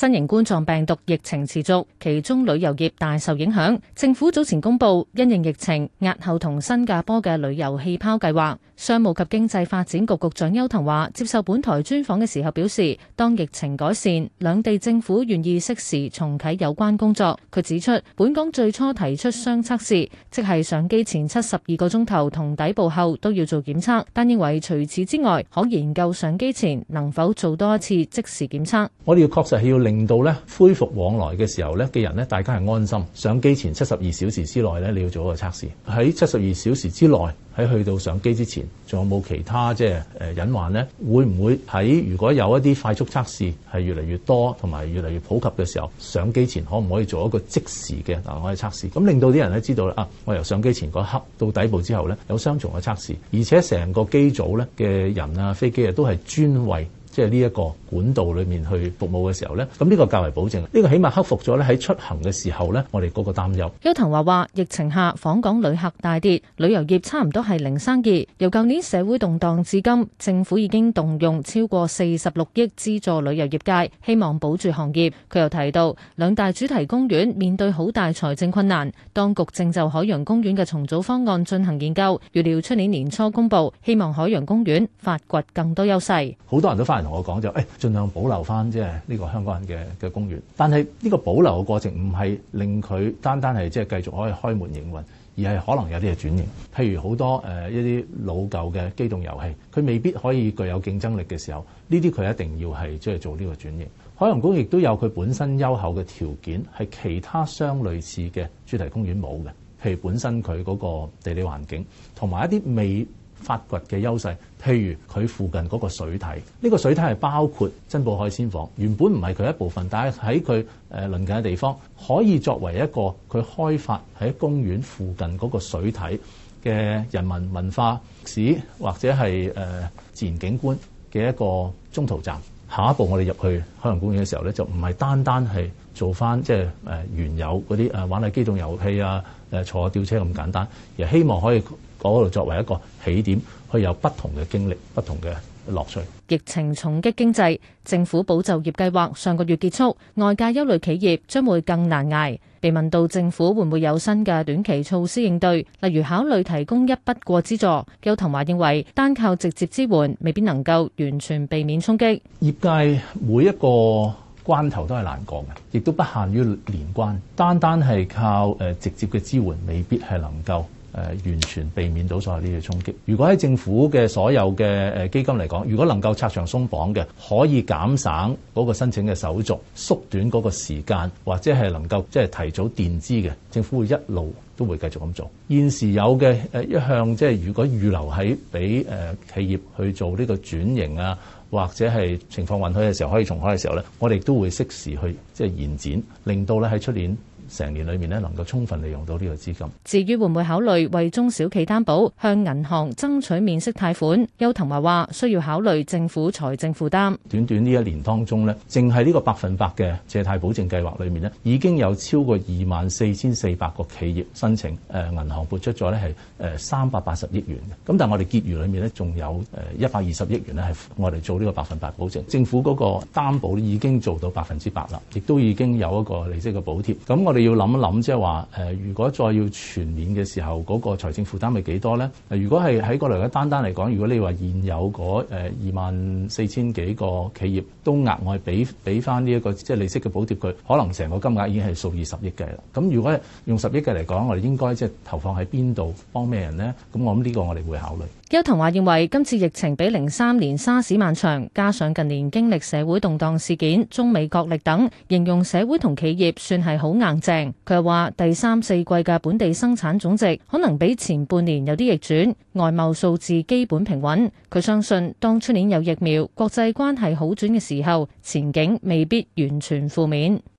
新型冠狀病毒疫情持續，其中旅遊業大受影響。政府早前公布，因應疫情押後同新加坡嘅旅遊氣泡計劃。商務及經濟發展局局長邱騰華，接受本台專訪嘅時候表示，當疫情改善，兩地政府願意適時重啟有關工作。佢指出，本港最初提出雙測試，即係上機前七十二個鐘頭同抵埗後都要做檢測，但認為除此之外，可研究上機前能否做多一次即時檢測。我哋要確實係要。令到咧恢復往來嘅時候咧嘅人咧，大家係安心，上機前七十二小時之內咧，你要做一個測試。喺七十二小時之內，喺去到上機之前，仲有冇其他即係誒隱患咧？會唔會喺如果有一啲快速測試係越嚟越多同埋越嚟越普及嘅時候，上機前可唔可以做一個即時嘅嗱？我哋測試，咁令到啲人咧知道啦。啊，我由上機前嗰刻到底部之後咧，有雙重嘅測試，而且成個機組咧嘅人啊、飛機啊都係專為。即係呢一個管道裡面去服務嘅時候呢，咁呢個較為保證，呢個起碼克服咗呢喺出行嘅時候呢，我哋嗰個擔憂。邱騰華話：疫情下訪港旅客大跌，旅遊業差唔多係零生意。由舊年社會動盪至今，政府已經動用超過四十六億資助旅遊業界，希望保住行業。佢又提到，兩大主題公園面對好大財政困難，當局正就海洋公園嘅重組方案進行研究，預料出年年初公佈，希望海洋公園發掘更多優勢。好多人都發現。我講就誒，盡量保留翻即係呢個香港人嘅嘅公園，但係呢個保留嘅過程唔係令佢單單係即係繼續可以開門營運，而係可能有啲嘅轉型。譬如好多，呃，一啲老舊嘅機動遊戲，佢未必可以具有競爭力嘅時候，呢啲佢一定要係即係做呢個轉型。海洋公園亦都有佢本身優厚嘅條件，係其他相類似嘅主題公園冇嘅，譬如本身佢嗰個地理環境同埋一啲未發掘嘅優勢，譬如佢附近嗰個水體，呢、這個水體係包括珍寶海鮮舫，原本唔係佢一部分，但係喺佢誒鄰近嘅地方，可以作為一個佢開發喺公園附近嗰個水體嘅人民文化史或者係誒、呃、自然景觀嘅一個中途站。下一步我哋入去海洋公園嘅時候咧，就唔係單單係做翻即係誒原有嗰啲誒玩下機動遊戲啊、誒坐下吊車咁簡單，而係希望可以。嗰度作為一個起點，可有不同嘅經歷、不同嘅樂趣。疫情重擊經濟，政府保就業計劃上個月結束，外界憂慮企業將會更難捱。被問到政府會唔會有新嘅短期措施應對，例如考慮提供一筆過資助，邱騰華認為單靠直接支援未必能夠完全避免衝擊。業界每一個關頭都係難過嘅，亦都不限於年關，單單係靠誒直接嘅支援未必係能夠。誒完全避免到所有呢啲衝擊。如果喺政府嘅所有嘅誒基金嚟講，如果能夠拆牆鬆綁嘅，可以減省嗰個申請嘅手續，縮短嗰個時間，或者係能夠即係提早墊資嘅，政府會一路都會繼續咁做。現時有嘅誒一項，即係如果預留喺俾誒企業去做呢個轉型啊，或者係情況允許嘅時候可以重開嘅時候咧，我哋都會適時去即係延展，令到咧喺出年。成年裏面能夠充分利用到呢個資金。至於會唔會考慮為中小企擔保，向銀行爭取免息貸款？邱騰華話：需要考慮政府財政負擔。短短呢一年當中咧，淨係呢個百分百嘅借貸保證計劃裏面已經有超過二萬四千四百個企業申請。誒銀行撥出咗係三百八十億元。咁但係我哋結餘裏面咧，仲有誒一百二十億元咧係我哋做呢個百分百保證。政府嗰個擔保已經做到百分之百啦，亦都已經有一個利息嘅補貼。咁我哋。你要諗一諗，即係話誒，如果再要全面嘅時候，嗰、那個財政負擔係幾多咧？如果係喺過嚟嘅單單嚟講，如果你話現有嗰二萬四千幾個企業都額外俾俾翻呢一個即係、就是、利息嘅補貼佢，可能成個金額已經係數二十億嘅啦。咁如果用十億嘅嚟講，我哋應該即係投放喺邊度幫咩人咧？咁我諗呢個我哋會考慮。邱騰華認為今次疫情比零三年沙士漫長，加上近年經歷社會動盪事件、中美角力等，形容社會同企業算係好硬。佢又話：第三四季嘅本地生產總值可能比前半年有啲逆轉，外貿數字基本平穩。佢相信當出年有疫苗、國際關係好轉嘅時候，前景未必完全負面。